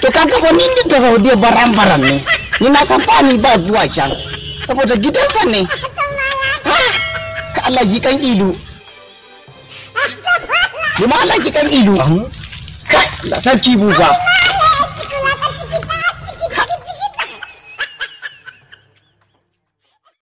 to kaka ko nindi to sa dia barang-barang ni ni na sampa ni ba dua chang to po de gitan ni ha? ka ala jikan ilu ni ma jikan ilu ka tak sa buka?